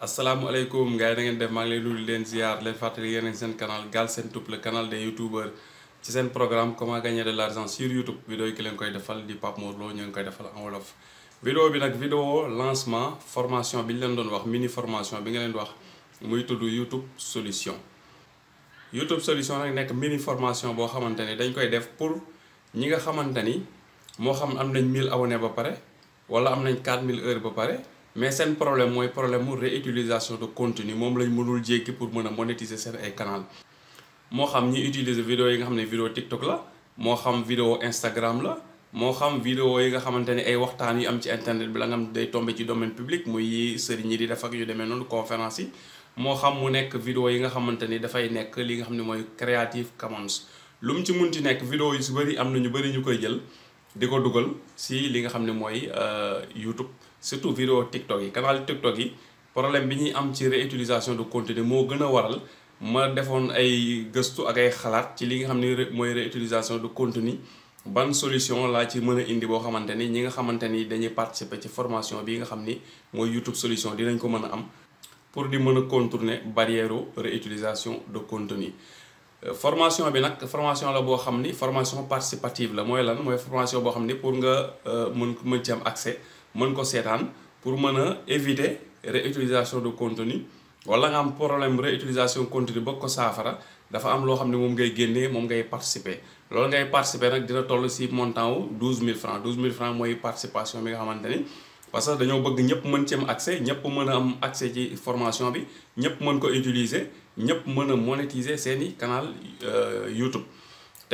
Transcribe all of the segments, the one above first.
asalaamaaleykum gars yi na ngeen def maa ngi lay nuyu leen ziar leen fàttali yéen seen canal Galsen Tube le canal des youtubeurs ci seen programme comment gagner de l'argent sur youtube vidéo yi ki leen koy defal di Pape Mor Lo ñu ngi koy defal en wolof vidéo bi nag vidéo lancement formation bi ñu leen doon wax mini formation bi nga leen di wax muy tudd youtube solution youtube solution nag nekk mini formation boo xamante ni dañ koy def pour ñi nga xamante ni moo xam am nañ 1000 abonnés ba pare wala am nañ 4000 heures ba pare mais seen problème mooy problème mu réutilisation de contenu moom lañ mënul jéggi pour mën a monétiser seen ay canal moo xam ñi utiliser vidéo yi nga xam ne vidéo TikTok la moo xam vidéo Instagram la moo xam vidéo yi nga xamante ne ay waxtaan yu am ci internet bi la nga xam day tombé ci domaine public muy sëriñ yi di def ak yu demee noonu conférence yi moo xam mu nekk vidéo yi nga xamante ni dafay nekk li nga xam ne mooy Creative Commons lu mu ci mun munti nekk vidéo yi si bëri am na ñu bëri ñu koy jël di ko dugal si li nga xam ne mooy euh, YouTube surtout vidéo TikTok yi canal TikTok yi problème bi ñuy am ci utilisation de contenu moo gën a waral ma defoon ay gëstu ak ay xalaat ci li nga xam ni mooy utilisation de continue ban solution laa ci mën a indi boo xamante ni ñi nga xamante ni dañuy participer ci formation bi nga xam ni mooy YouTube solution dinañ ko mën a am pour di mën a contourner barrière utilisation de contenu euh, formation bi nag formation la boo xam ni formation participative la mooy lan mooy formation boo xam ni pour nga euh, mën mën ci am accès mën ko seetaan pour mën a éviter réutilisation de contenu wala nga am problème utilisation contenu ba ko saafara dafa am loo xam ne moom ngay génnee moom ngay participer lool ngay participer nag dina toll si montant wu douze mille francs douze mille francs mooy participation bi nga xamante ni parce que dañoo bëgg ñëpp mën ci am accès ñëpp mën a am accès ci formation bi ñëpp mën ko utiliser ñëpp mën a monétiser seeni canal euh, YouTube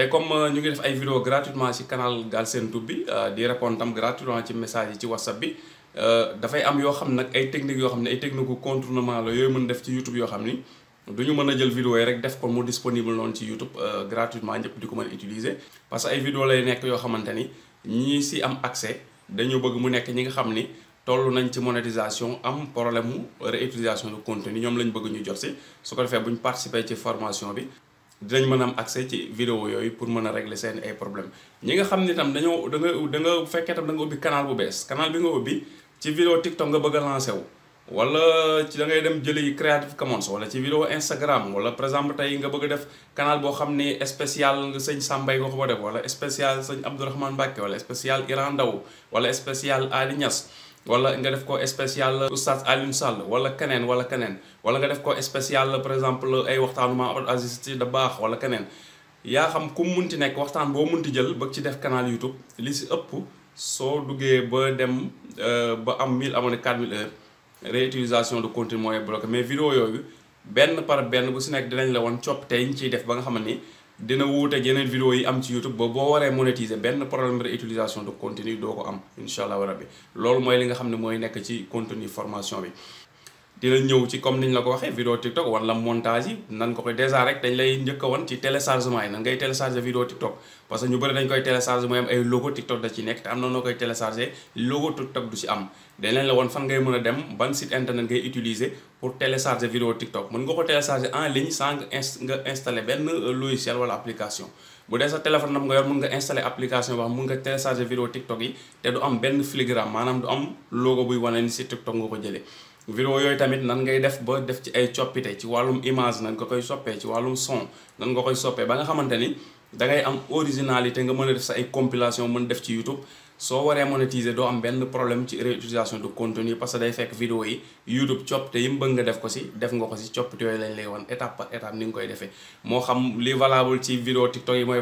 te comme euh, ñu ngi def ay vidéo gratuitement ci canal Galsen Tube bi euh, di répondre tam gratuitement ci message yi ci whatsapp bi euh, dafay am yoo xam nag ay technique yoo xam ne ay technique la yooyu mën def ci youtube yoo xam ni du ñu mën a jël vidéo yi rek def ko mu disponible noonu ci youtube gratuitement ñëpp di ko mën a parce que ay vidéo lay nekk yoo xamante ni ñii si am accès dañu bëgg mu nekk ñi nga xam ni toll nañ ci monétisation am problème mu réutilisation de contenu ñoom lañ bëgg ñu jot si su ko bu ñu participer ci formation bi dinañ mën am accès ci vidéo yooyu pour mën a régler seen ay problème ñi nga xam ni tam dañoo da nga da nga fekkee tam da nga ubbi canal bu bees canal bi nga ubbi ci vidéo TikTok nga bëgg a lancé wu wala ci da ngay dem jëli Creative Commons wala ci vidéo Instagram wala par exemple tey nga bëgg def canal boo xam ne spécial sëñ Samba nga ko ko def wala spécial sëñ Abdourahmane Mbacké wala spécial Iran Ndaw wala spécial Ali Niass wala nga def ko spécial oustaz Alioune Sall wala keneen wala keneen wala nga def ko spécial par exemple ay waxtaanu ma Abdou Aziz baax Dabakh wala keneen yaa xam ku munti nekk waxtaan boo mun munti jël ba ci def canal YouTube li si ëpp soo duggee ba dem euh, ba am 1000 abonnés 4000 heures réutilisation de contenu mooy bloqué mais vidéo yooyu benn par benn bu si nekk dinañ la woon coppite tey ñu ciy def ba nga xam ni dina wuuteeg yeneen vidéo yi am ci YouTube ba boo waree monétiser benn problème de utilisation de contenu doo ko am incha allah rabi loolu mooy li nga xam ne mooy nekk ci contenu formation bi. dina ñëw ci comme niñ la ko waxee vidéo TikTok wan la montage yi nan ko koy dèjà rek dañ lay njëkk a ci téléchargement yi nan ngay télécharger vidéo TikTok parce que ñu bëri koy télécharger mooy am ay logo TikTok da ci koy télécharger logo TikTok du ci am dañ leen la wan fan ngay mën a dem ban site internet ngay utiliser pour télécharger vidéo TikTok mën nga ko télécharger en ligne sans nga installer benn logiciel wala application bu dee sa téléphone nam nga yor mën nga installer application boo xam nga télécharger vidéo TikTok yi am benn filigrane maanaam du am logo buy wane ni si TikTok nga ko jëlee vidéo yooyu tamit nan ngay def ba def ci ay coppite ci wàllum image nan nga koy soppee ci wàllum son nan nga koy soppee ba nga xamante ni dangay am originalité nga mën a def sa ay compilation mën def ci YouTube soo waree monétiser doo am benn problème ci réutilisation de contenu parce que day fekk vidéo yi YouTube coppite yi mu bëgg nga def ko si def nga ko si coppite yooyu lañ lay wan étape par étape ni nga koy defee moo xam li valable ci vidéo TikTok yi mooy a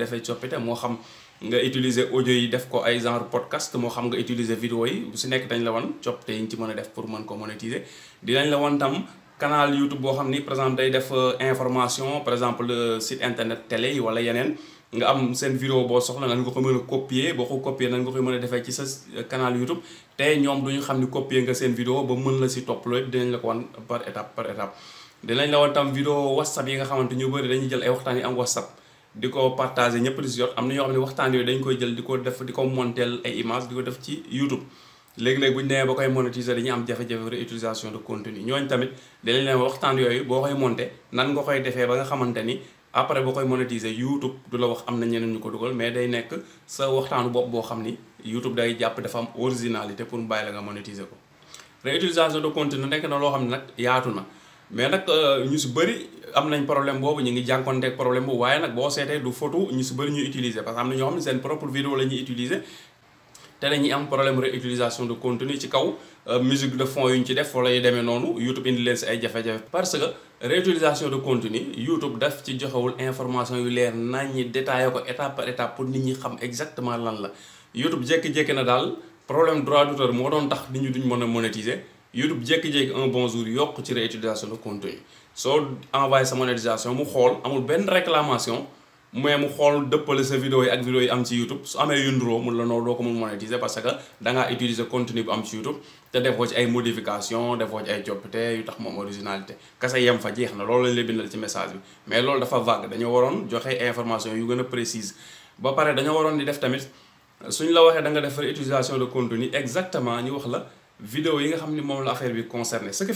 defee coppite moo xam nga utiliser audio yi def ko ay genre podcast moo xam nga utiliser vidéo yi bu si nekk dañ la wan coppite yi ñu ci mën a def pour mën ko monétiser dinañ la wan tam canal YouTube boo xam ni par exemple day def euh, information par exemple euh, site internet tele yi wala yeneen nga am seen vidéo boo soxla nan nga ko mën a copier boo ko copier nan nga koy mën a defee ci sa euh, canal YouTube te ñoom duñu ñu xam ni copier nga seen vidéo ba mën la si topp loolu dinañ la ko wan par étape par étape. dinañ la wan tam vidéo WhatsApp yi nga xamante ñu bëri dañu jël ay waxtaan yi am WhatsApp di ko partager ñëpp di si jot am na ñoo xam ne waxtaan yooyu dañ koy jël di ko def di image di ko def ci YouTube. léegi léeg bu ñu demee ba koy monétiser dañu am jafe-jafe réutilisation de contenu ñooñu tamit dañ leen waxtaan yooyu boo koy monté nan nga koy defee ba nga xamante ni après boo koy monétiser YouTube du la wax am na ñeneen ñu ko dugal mais day nekk sa waxtaanu bopp boo xam ni YouTube day jàpp dafa am originalité pour mu la nga monétiser ko réutilisation de contenu nekk na loo xam ne nag yaatu na mais nag euh, ñu si bëri am nañ problème boobu ñu ngi jànkonteeg problème boobu waaye nag boo seetee du photo ñu si bëri ñuy utiliser am na ñoo seen propre vidéo la ñuy utiliser te dañuy am problème réutilisation de contenu ci kaw euh, musique de fond yu ñu ci def wala yu demee noonu YouTube indi leen si ay jafe-jafe parce que réutilisation de contenu YouTube daf ci joxewul information yu leer nañ ñi détaillé ko étape par étape pour nit ñi xam exactement lan la YouTube jékki-jékki na daal problème droit d'auteur moo doon tax nit ñi duñ mën a monétiser YouTube jékki-jékki un bon jour yokk ci réutilisation de contenu soo envoyé sa monétisation xool amul benn réclamation mais mu xool dëppale sa vidéo yi ak vidéo yi am ci YouTube su amee yu nduroo mun la noo doo ko mun monétiser parce que da ngaa utiliser contenu bu am ci YouTube te defoo ci ay modification defoo ci ay coppite yu tax moom originalité kasa yem fa jeex na loolu lañ la ci message bi mais loolu dafa vague dañoo waroon joxe information yu gën a précise ba pare dañoo waroon di def tamit suñ la waxee da nga def utilisation de contenu exactement ñu wax la vidéo yi nga xam ni moom la affaire bi concerné ce qui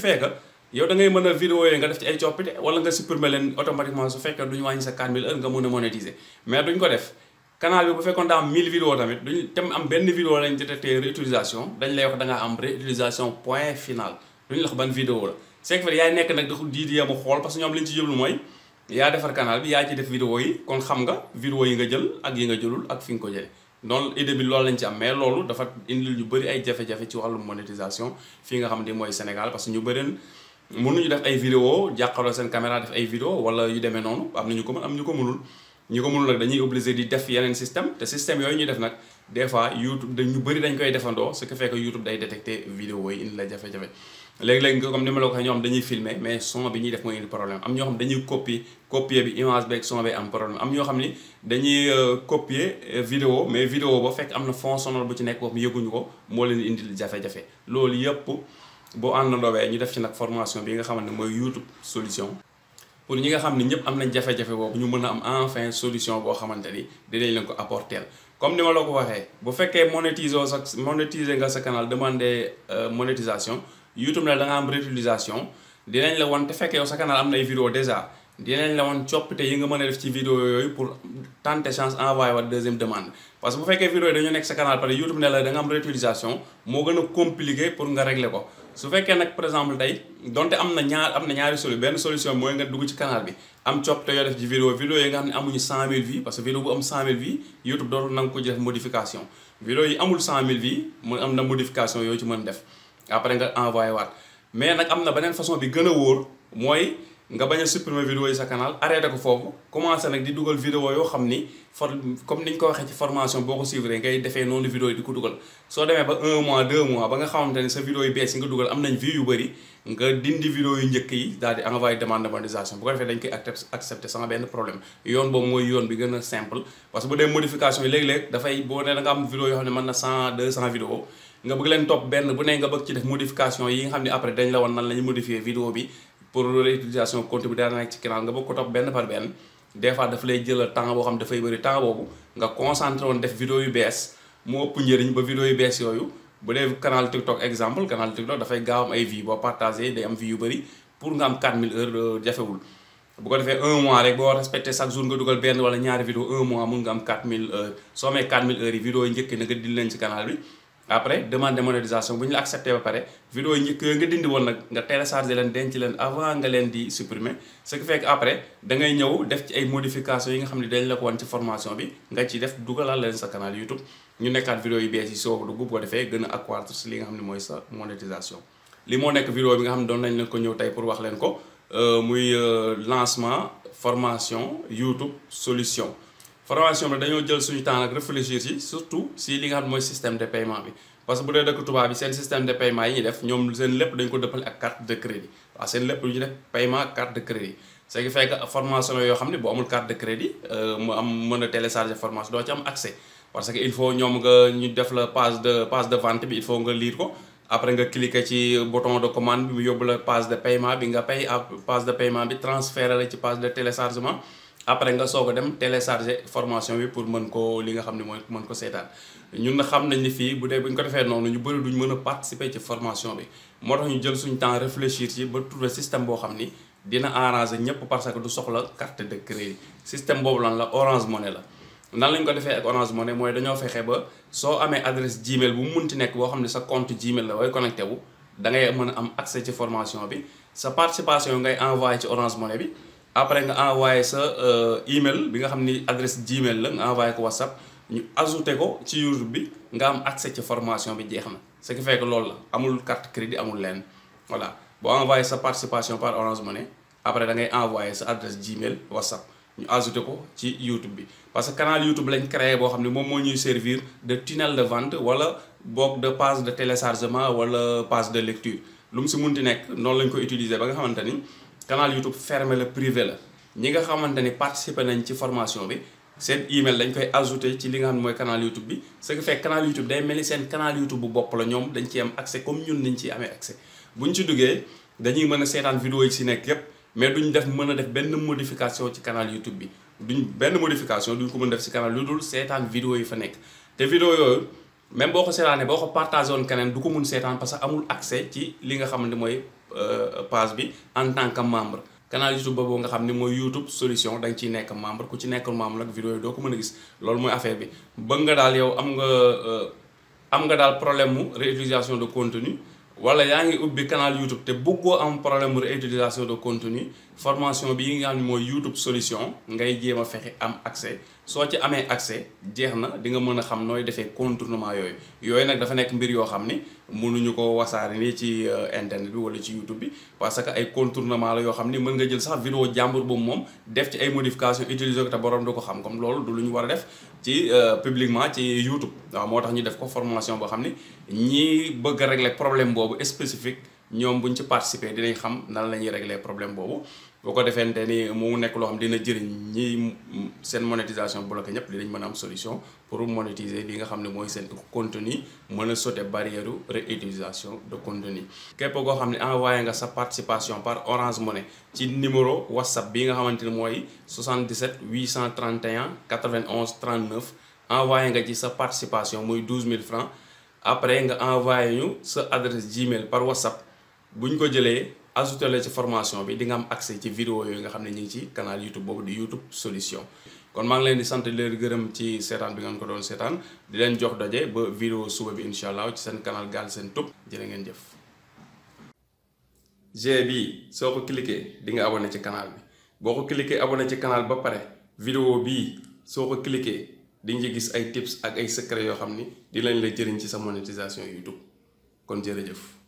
yow da ngay mën a vidéo nga def ci ay coppite wala nga supprimer leen automatiquement su fekkee du ñu wàññi sa 4000 heures nga mën a monétiser mais duñ ko def canal bi bu fekkoon daa am 1000 vidéo tamit duñ tam am benn vidéo lañ détecté réutilisation dañ lay wax da ngaa am réutilisation point final duñ la wax ban vidéo la c'est yaay nekk nag dafa di yéem xool parce que ñoom liñ ci jublu mooy yaa defar canal bi yaa ci def vidéo yi kon xam nga vidéo yi nga jël ak yi nga jëlul ak fi nga ko jëlee donc idée bi loolu lañ ci am mais loolu dafa indil ñu bëri ay jafe ci wàllu monétisation fii nga xam ne mooy Sénégal parce ñu bëri mën nañu def ay vidéo jàkkaarloo seen caméra def ay vidéo wala yu demee noonu am na ñu ko mën am ñu ko mënul ñu ko mënul nag dañuy obligé di def yeneen système te système yooyu ñuy def nag des fois YouTube dañu bëri dañ koy defandoo ce qui fait que YouTube day détecter vidéo yi indi la jafe-jafe léegi-léegi comme ni ma la ko waxee ñoo xam dañuy filmer mais son bi ñuy def mooy indi problème am ñoo xam dañuy copier copier bi am problème am ñoo xam ni dañuy euh, copier euh, vidéo mais vidéo ba fekk am na fond sonore bu ci nekk yëguñu ko moo leen indi jafe loolu yëpp boo àndandoowee ñu def ci nag formation bi nga xam ne mooy YouTube solution pour ñi nga xam ne ñëpp am nañ jafe-jafe boobu ñu mën a am enfin solution boo xamante ni dinañ leen ko apporter comme ni ma la ko waxee bu fekkee monétiser sa monétiser nga sa canal demander euh, monétisation YouTube nag da nga am réutilisation dinañ la wan te fekkee yow sa canal am nay vidéo déjà dinañ la woon yi nga mën a def ci vidéo yooyu pour tenter chance envoyé wat deuxième demande parce que bu fekkee vidéo yi dañu nekk sa canal pare YouTube ne la da am réutilisation moo gën a compliqué pour nga régler ko su fekkee nag par exemple tey donte am na ñaar am na ñaari solution benn solution mooy nga dugg ci canal bi am coppite yoo def ci vidéo vidéo yi nga xam ne amuñu 100000 vues parce que vidéo bu am 100000 vues YouTube dootul na nga ko def modification vidéo yi amul 100000 vues mu am na modification yoo ci mën def après nga envoyé waat mais nag am na beneen façon bi gën a wóor mooy. nga bañ a supprimer yi sa canal arrêté ko foofu commencé nag di dugal vidéo yoo xam ni for comme ni ñu ko waxee ci formation boo ko suivre ngay defee noonu vidéo yi di ko dugal soo demee ba nga xamante ne sa vidéo yu bees yi nga dugal am nañ vues bëri nga dindi vidéo yi daal di envoyé demande de monétisation bu ko defee dañ koy accepté sans benn problème yoon boobu mooy yoon bi gën a simple parce que bu dee modification yi léeg-léeg dafay boo nee da nga am vidéo yoo xam ne mën na cent deux cent vidéo nga bëgg leen topp ci def modification yi nga xam ne après dañ la woon bi pour réutilisation compte bi daan nekk ci client nga bëgg ko topp benn par benn des fois daf lay jëlal temps boo xam dafay bëri temps boobu nga concentré woon def vidéo yu bees mu ëpp njëriñ ba vidéo yu bees yooyu bu dee canal TikTok exemple canal TikTok dafay gaaw ay vues boo partagé day am vues yu bëri pour nga am 4000 heures euh, jafewul bu ko defee un mois rek boo respecté chaque jour nga dugal benn wala ñaari vidéo un mois mun nga am 4000 heures soo après demande de bu ñu la accepté ba pare vidéo yi njëkk nga dindi woon nag nga téléchargé leen denc leen avant nga leen di supprimer ce qui fait que après da ñëw def ci ay modification yi nga xam ne dañ la ko woon ci formation bi nga ci def dugalal leen sa canal YouTube ñu nekkaat vidéo yu bees yi soo dugg boo defee gën a accroître si li nga xam ne mooy sa monétisation li moo nekk vidéo bi nga xam ne doon nañ leen ko ñëw tey pour wax leen ko euh, muy euh, lancement formation YouTube solution formation bi dañoo jël suñu temps nag réfléchir si surtout si li nga xam mooy système de paiement bi parce que bu dee dëkk tubaab bi seen système de paiement yi def ñoom seen lépp dañ ko dëppale ak carte de crédit waaw seen lépp lu ñu def paiement carte de crédit ce qui fait formation yoo xam ne boo amul carte de crédit euh, mu am mën a télécharger formation doo ci am accès parce que il faut ñoom nga ñu def la page de page de vente bi il faut nga lire ko après nga cliquer ci bouton de commande bi mu yóbbu la bi nga pay à page de paiement bi transférer ci page de téléchargement après nga soog a dem télécharger formation bi pour mën ko li nga xam ne mooy mën ko seetaan ñun na xam nañ ni fii bu dee bu ko defee noonu ñu bëri duñ mën a participer ci formation bi moo tax ñu jël suñ temps réfléchir ci ba trouver système boo xam ni dina arranger ñëpp parce que du soxla carte de crédit système boobu lan la Orange Money la nan lañ ko defee ak Orange Money mooy dañoo fexe ba soo amee adresse Gmail bu mu mun ti nekk boo xam ne sa compte Gmail la way connecté wu da mën a am accès ci formation bi sa participation ngay envoyé ci Orange bi après nga envoyé sa e email bi nga xam ni adresse gmail la nga envoyé ko whatsapp ñu ajouté ko ci YouTube bi nga am accès ci formation bi jeex na ce qui fait que la amul carte crédit amul leen voilà boo envoyé sa participation par Orange ne après da ngay envoyé sa adresse gmail whatsapp ñu ajouté ko ci YouTube bi parce que canal YouTube lañ créé boo xam ne moom moo ñuy servir de tunnel de vente wala boog de page de téléchargement wala page de lecture lu mu si nekk noonu lañ ko utiliser ba nga xamante ni. canal YouTube fermé la privé la ñi nga xamante ni participé nañ ci formation bi seen email dañ koy ajouté ci li nga xam ne mooy canal bi ce qui fait canal YouTube day ni seen canal bu bopp la ñoom dañ ci am accès comme ñun niñ ci amee accès buñ ci duggee mën a seetaan vidéo yi ci nekk yépp mais duñ def mën a def benn modification ci canal bi duñ benn modification duñ ko mën def ci canal lu dul seetaan vidéo yi fa nekk te vidéo yooyu même boo ko seetaanee boo ko partagé keneen du seetaan parce que amul accès ci li nga xam ne mooy Euh, page bi en tant que membre canal YouTube boobu nga xam ni mooy YouTube solution da nga ciy nekk membre ku ci nekkul membre ak vidéo yi doo ko mën a gis loolu mooy affaire bi bëgg nga daal yow am nga euh, am nga daal problème mu réutilisation de contenu wala yaa ngi ubbi canal YouTube te bëggoo am problème mu réutilisation de contenu formation bi nga xam ne mooy YouTube solution ngay jéem a fexe am accès soo ci amee accès jeex na di nga mën a xam nooy defee contournement yooyu yooyu nag dafa nekk mbir yoo xam ni mënuñu ko wasaare nii ci euh, internet bi wala ci YouTube bi parce que ay contournement la yoo xam ni mën nga jël sax vidéo jàmbur boobu moom def ci ay modification utiliser ko te borom du ko xam comme loolu du lu ñu war a def ci euh, publiquement ci YouTube waaw moo tax ñu def ko formation boo xam ni ñi bëgg a régler problème boobu espécifique ñoom bu ñu ci participer dinañ xam nan la ñuy régler problème boobu boo ko defente ni mu nekk loo xam dina jëriñ ñi seen monétisation bloqué ñëpp dinañ mën a am solution pour monétiser li nga xam ne mooy seen contenu mën a sauter barrière réutilisation de contenu képp koo xam ne envoyé nga sa participation par Orange Money ci numéro WhatsApp bi nga xamante ni mooy 77 831 91 39 envoyé nga ji sa participation muy 12 mille francs après nga envoyé ñu sa adresse Gmail par WhatsApp bu ñu ko jëlee ajouté la ci formation bi di nga am accès ci vidéo yooyu nga xam ne ñu ngi ci canal YouTube boobu di YouTube solution kon maa ngi leen di sant di gërëm ci seetaan bi ngeen ko doon seetaan di leen jox daje ba vidéo suba bi incha allah ci seen canal Galsen Tube jërë ngeen jëf. G bi soo ko cliqué di nga abonné ci canal bi boo ko cliqué abonné ci kanaal ba pare vidéo bi soo ko cliqué di nga gis ay tips ak ay secret yoo xam ni di lañ la jëriñ ci sa monétisation YouTube kon jërëjëf.